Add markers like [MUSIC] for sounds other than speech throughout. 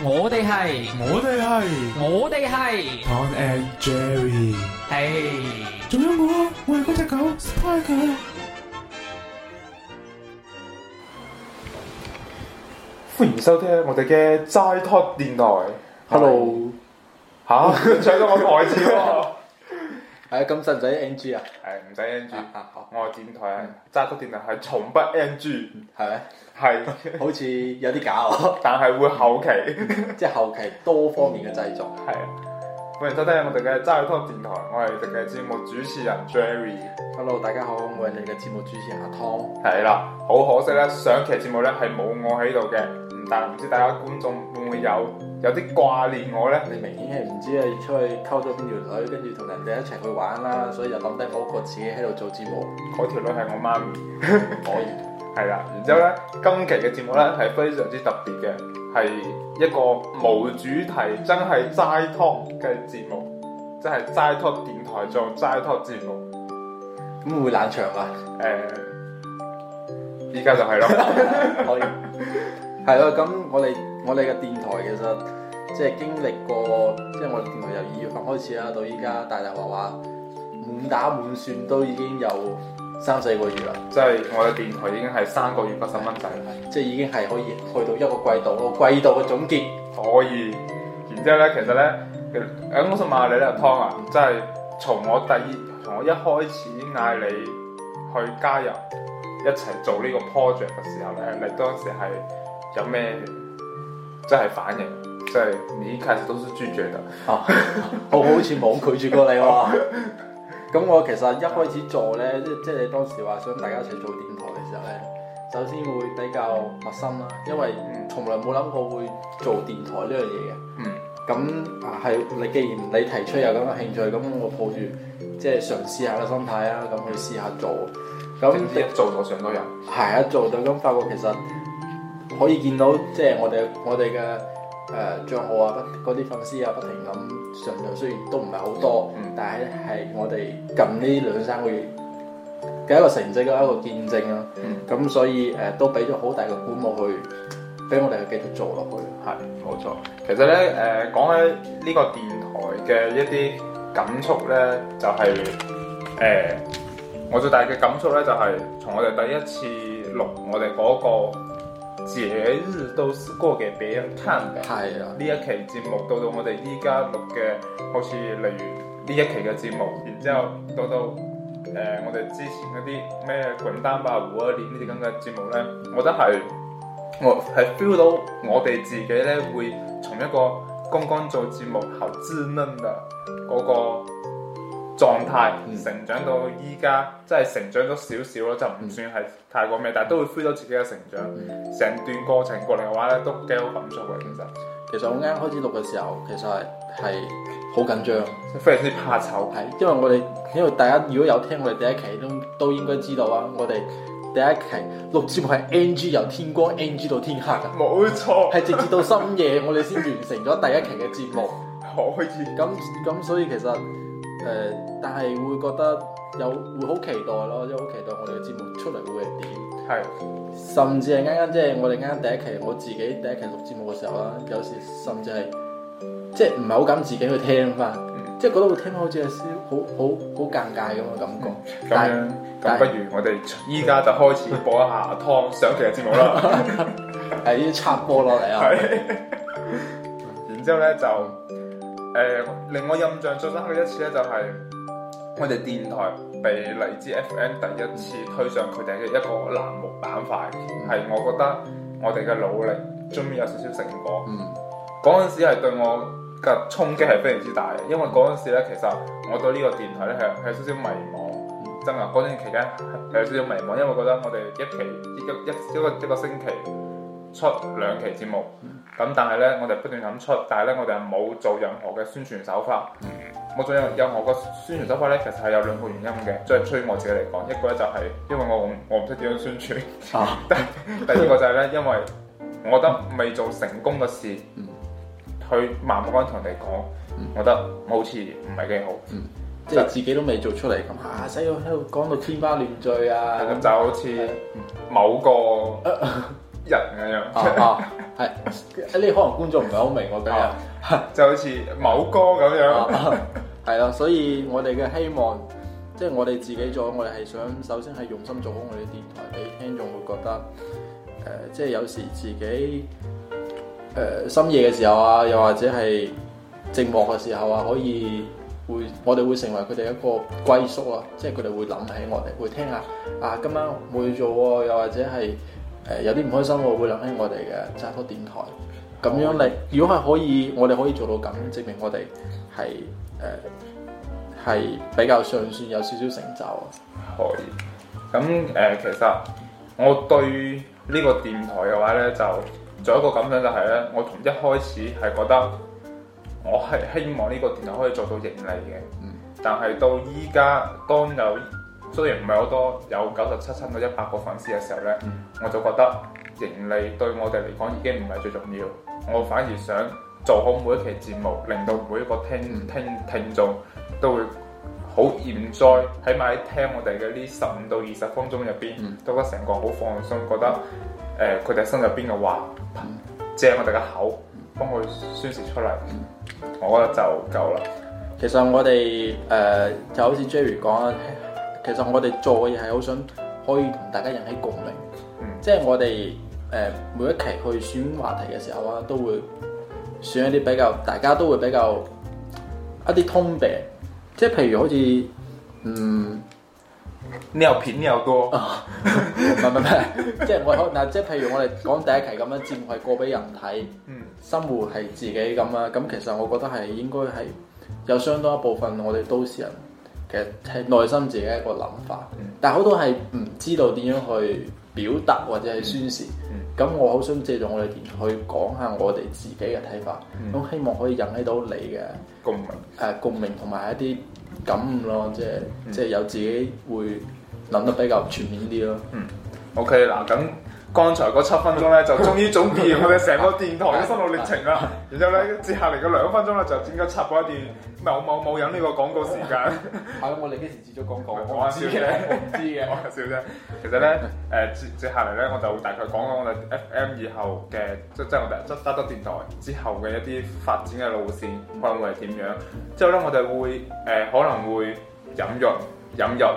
我哋係，我哋係，我哋係。Tom and Jerry 係，仲有我，我係嗰隻狗，Spy 狗。歡迎收聽我哋嘅齋 talk 電台。Hello，嚇，搶咗我台詞。係咁，使唔使、哎、NG 啊！係唔使 NG 啊！啊我台是電台係揸出電台係從不 NG，係咪？係，好似有啲假， [LAUGHS] 但係會後期，嗯嗯、即係後期多方面嘅製作，係、嗯、啊。歡迎收聽我哋嘅齋拖電台，我係我哋嘅節目主持人 Jerry。Hello，大家好，我係你嘅節目主持人阿 Tom。係啦，好可惜咧，上期節目呢係冇我喺度嘅，但係唔知大家觀眾會唔會有有啲掛念我呢？你明顯係唔知係出去溝咗邊條女，跟住同人哋一齊去玩啦，所以就諗低我個自己喺度做節目。嗰條女係我媽咪，嗯、 [LAUGHS] 可以係啦。然之後咧，今期嘅節目呢係非常之特別嘅。係一個無主題，mm hmm。真係齋 talk 嘅節目，真係齋 talk 電台做齋 talk 節目，咁會冷場啊！誒、呃，依家就係咯，可以，係咯，咁我哋我哋嘅電台其實即係、就是、經歷過，即、就、係、是、我哋電台由二月份開始啦，到依家大大話話滿打滿算都已經有。三四個月啦，即係 [LAUGHS] 我嘅電台已經係三個月八十蚊仔，即係 [LAUGHS] 已經係可以去到一個季度，個季度嘅總結可以。然之後咧，其實咧，誒我想問下你咧湯啊，即係從我第二，從我一開始嗌你去加入一齊做呢個 project 嘅時候咧，你當時係有咩即係反應？即、就、係、是、你一開始都是拒絕嘅， [LAUGHS] [LAUGHS] 我好似冇拒絕過你喎、啊。 [LAUGHS] 咁我其實一開始做呢，即即係你當時話想大家一齊做電台嘅時候呢，首先會比較陌生啦，因為從來冇諗過會做電台呢樣嘢嘅。嗯。咁啊係，你既然你提出有咁嘅興趣，咁、嗯、我抱住即係嘗試下嘅心態啊，咁去試下做。咁一做就上到人？係啊，做咗咁發覺其實可以見到，即、就、係、是、我哋我哋嘅誒賬號啊，不嗰啲粉絲啊，不停咁。上就雖然都唔係好多，嗯、但係係我哋近呢兩三個月嘅一個成績嘅一個見證啦。咁、嗯、所以誒、呃、都俾咗好大嘅鼓舞去，去俾我哋繼續做落去。係冇錯。其實呢誒、呃、講起呢個電台嘅一啲感觸呢，就係、係、誒、呃、我最大嘅感觸呢，就係、係、從我哋第一次錄我哋嗰、嗰個。節日都係過嘅俾人睇，呢 [NOISE] 一期節目到到我哋依家錄嘅，好似例如呢一期嘅節目，然之後到到誒、呃、我哋之前嗰啲咩滾單吧過一年呢啲咁嘅節目咧，我都係我係 feel 到我哋自己咧會從一個剛剛做節目好稚嫩嘅嗰、嗰個。狀態、嗯、成長到依家，真係成長咗少少咯，就唔算係太過咩，嗯、但係都會灰到自己嘅成長，成、嗯、段過程過嚟嘅話咧，都幾好感觸嘅。其實其實我啱啱開始錄嘅時候，其實係好緊張，非常之怕醜係，因為我哋因為大家如果有聽我哋第一期都都應該知道啊，我哋第一期錄節目係 NG 由天光 NG 到天黑㗎，冇錯，係直至到深夜我哋先完成咗第一期嘅節目。 [LAUGHS] 可以咁咁，所以其實。誒、呃，但係會覺得有會好期待咯，即係好期待我哋嘅節目出嚟會係點？係是，甚至係啱啱即係我哋啱啱第一期，我自己第一期錄節目嘅時候啦，有時甚至係即係唔係好敢自己去聽翻，即係覺得會聽翻好似有少好好好尷尬咁嘅感覺。咁、嗯嗯、樣咁但不如我哋依家就開始播一下湯上期嘅節目啦，係 [LAUGHS] 要插播落嚟啊！ [LAUGHS] 然之後咧就。誒，令我、呃、印象最深刻嘅一次咧、就是，就係我哋電台被荔枝 FM 第一次推上佢哋嘅一個欄目板塊，係、嗯、我覺得我哋嘅努力終於有少少成果。嗰陣、嗯、時係對我嘅衝擊係非常之大，嘅，因為嗰陣時咧，其實我對呢個電台咧係係有少少迷茫，嗯、真㗎。嗰段期間係有少少迷茫，因為覺得我哋一期一一一,一個一個星期，出兩期節目，咁、嗯、但係呢，我哋不斷咁出，但係呢，我哋係冇做任何嘅宣傳手法。冇、嗯、做任何嘅宣傳手法呢，其實係有兩個原因嘅。即係出於我自己嚟講，一個呢就係因為我我唔識點樣宣傳，啊、第二個就係呢，因為我覺得未做成功嘅事，嗯、去盲目咁同人哋講，嗯、我覺得好似唔係幾好。嗯、即係自己都未做出嚟咁，使唔使喺度講到天花亂墜啊？咁就，就好似某個、啊。 [LAUGHS] 人咁樣、啊，係、啊，呢 [LAUGHS] 可能觀眾唔係好明我今日、啊啊、就好似某歌咁樣，係咯，所以我哋嘅希望，即、就、係、是、我哋自己做，我哋係想首先係用心做好我哋嘅電台，俾聽眾會覺得，呃、即係有時自己，呃、深夜嘅時候啊，又或者係寂寞嘅時候啊，可以會，我哋會成為佢哋一個歸宿咯、啊，即係佢哋會諗起我哋，會聽下，啊，今晚冇嘢做，又或者係。誒、呃、有啲唔開心喎，我會諗起我哋嘅揸拖電台，咁、嗯、樣你如果係可以，我哋可以做到咁，證明我哋係誒係比較上算有少少成就可以。咁誒、嗯嗯呃，其實我對呢個電台嘅話咧，就有一個感想就係、是、咧，我從一開始係覺得我係希望呢個電台可以做到盈利嘅，嗯、但係到依家當有。雖然唔係好多，有九十七七到一百個粉絲嘅時候呢，嗯、我就覺得盈利對我哋嚟講已經唔係最重要，我反而想做好每一期節目，令到每一個聽聽聽眾都會好享受，起碼喺聽我哋嘅呢十五到二十分鐘入邊、嗯，都覺得成個好放鬆，覺得佢哋心入邊嘅話憑借我哋嘅口幫佢宣泄出嚟，嗯、我覺得就夠啦。其實我哋誒、呃、就好似 Jerry 講。其實我哋做嘅嘢係好想可以同大家引起共鳴，嗯、即係我哋誒、呃、每一期去選話題嘅時候啊，都會選一啲比較大家都會比較一啲通病，即係譬如好似嗯尿片尿歌啊，唔唔唔，即係我嗱，即係譬如我哋講第一期咁樣，節目係過俾人睇，嗯、生活係自己咁啊，咁其實我覺得係應該係有相當一部分我哋都市人、人。其實係內心自己一個諗法，但係好多係唔知道點樣去表達或者係宣示。咁、嗯嗯、我好想借助我哋電台去講下我哋自己嘅睇法，咁、嗯、希望可以引起到你嘅共鳴、呃，共鳴同埋一啲感悟咯，即係即係有自己會諗得比較全面啲咯。嗯，OK 嗱咁。剛才嗰七分鐘咧 [LAUGHS] 就終於總結我哋成個電台嘅心路歷程啦， [LAUGHS] 然之後咧 [LAUGHS] 接下嚟嘅兩分鐘咧就應該插播一段某某某飲呢個廣告時間。係咯， [LAUGHS] 我哋幾時接咗廣告？我唔知嘅，我唔知嘅。講下笑啫。其實咧，誒接接下嚟咧 [LAUGHS] 我就大概講講我哋 FM 以後嘅即係即係我哋執執多電台之後嘅一啲發展嘅路線 [LAUGHS] 可能會係點樣。之後咧我哋會誒、呃、可能會引入引入誒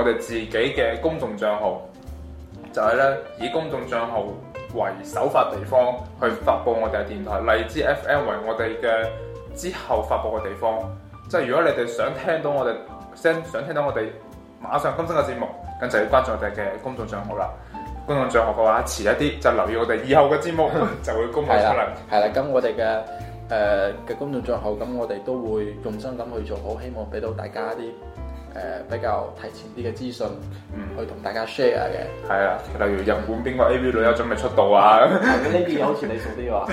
我哋自己嘅公眾帳號。就係咧，以公眾帳號為首發地方去發佈我哋嘅電台，荔枝 FM 為我哋嘅之後發佈嘅地方。即係如果你哋想聽到我哋聲，想聽到我哋馬上更新嘅節目，咁就要關注我哋嘅公眾帳號啦。公眾帳號嘅話遲一啲，就留意我哋以後嘅節目 [LAUGHS] 就會公開出嚟。係啦，係啦，咁我哋嘅誒嘅公眾帳號，咁我哋都會用心咁去做好，好希望俾到大家一啲。誒比較提前啲嘅資訊，嗯，去同大家 share 嘅。係啊，例如日本邊個 AV 女優準備出道啊，啊？咁呢啲好似你做啲話，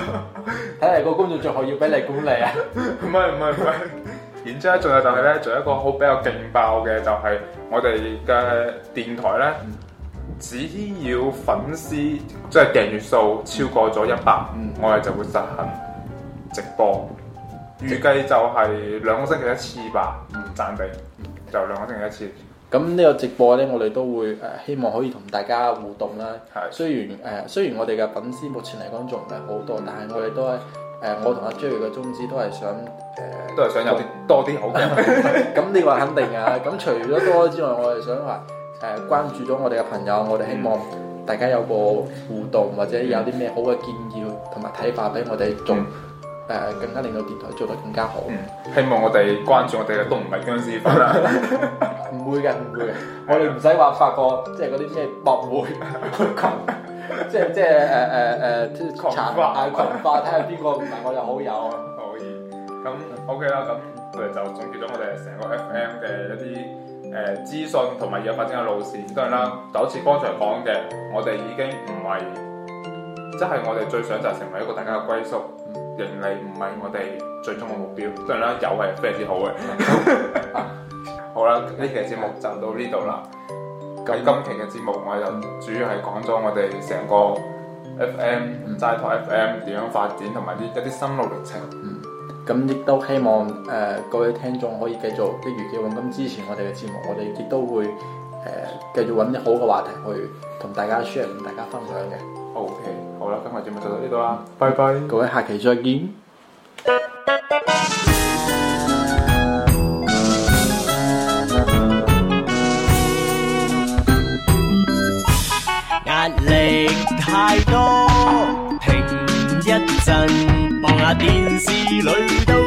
睇嚟 [LAUGHS] 個工作最係要俾你管理啊？唔係唔係唔係，然之後仲有就係咧，仲有一個好比較勁爆嘅，就係我哋嘅電台咧，只要粉絲即係訂閱數超過咗一百，嗯，嗯我哋就會實行直播，直預計就係兩個星期一次吧。唔贊成。流量一定一次。咁呢個直播呢，我哋都會誒、呃、希望可以同大家互動啦。係是的、呃。雖然誒雖然我哋嘅粉絲目前嚟講仲唔係好多，嗯、但係我哋都係誒、呃、我同阿 Joy 嘅、er、宗旨都係想誒，呃、都係想有啲我多啲好嘅。咁 [LAUGHS] [LAUGHS] 你話肯定啊！咁除咗多之外，我哋想話誒、呃、關注咗我哋嘅朋友，我哋希望大家有個互動，或者有啲咩好嘅建議同埋睇法俾我哋中。誒更加令到電台做得更加好。嗯，希望我哋關注我哋嘅都唔係僵屍粉啦。 [LAUGHS] 唔會嘅，唔會嘅。我哋唔使話發個即係嗰啲咩博會羣，即係即係誒誒誒啲群發群發睇下邊個唔係我嘅好友可以。咁、嗯、OK 啦，咁我哋就總結咗我哋成個 FM 嘅一啲誒、呃、資訊同埋要發展嘅路線。當然啦，就好似剛才講嘅，我哋已經唔係。即係我哋最想就成為一個大家嘅歸宿，盈利唔係我哋最終嘅目標。當然啦，有係非常之好嘅。 [LAUGHS] [LAUGHS] [LAUGHS] 好啦，呢期節目就到呢度啦。咁、嗯、今期嘅節目，我就主要係講咗我哋成個 FM 唔齋台 FM 點樣發展，同埋啲一啲心路歷程。咁亦、嗯、都希望誒、呃、各位聽眾可以繼續一如既往咁支持我哋嘅節目，我哋亦都會。誒，繼續揾啲好嘅話題去同大家 share，同大家分享嘅。OK，好啦，今日節目就到呢度啦，拜拜，各位下期再見。壓力太多，停一陣，望下電視裏都。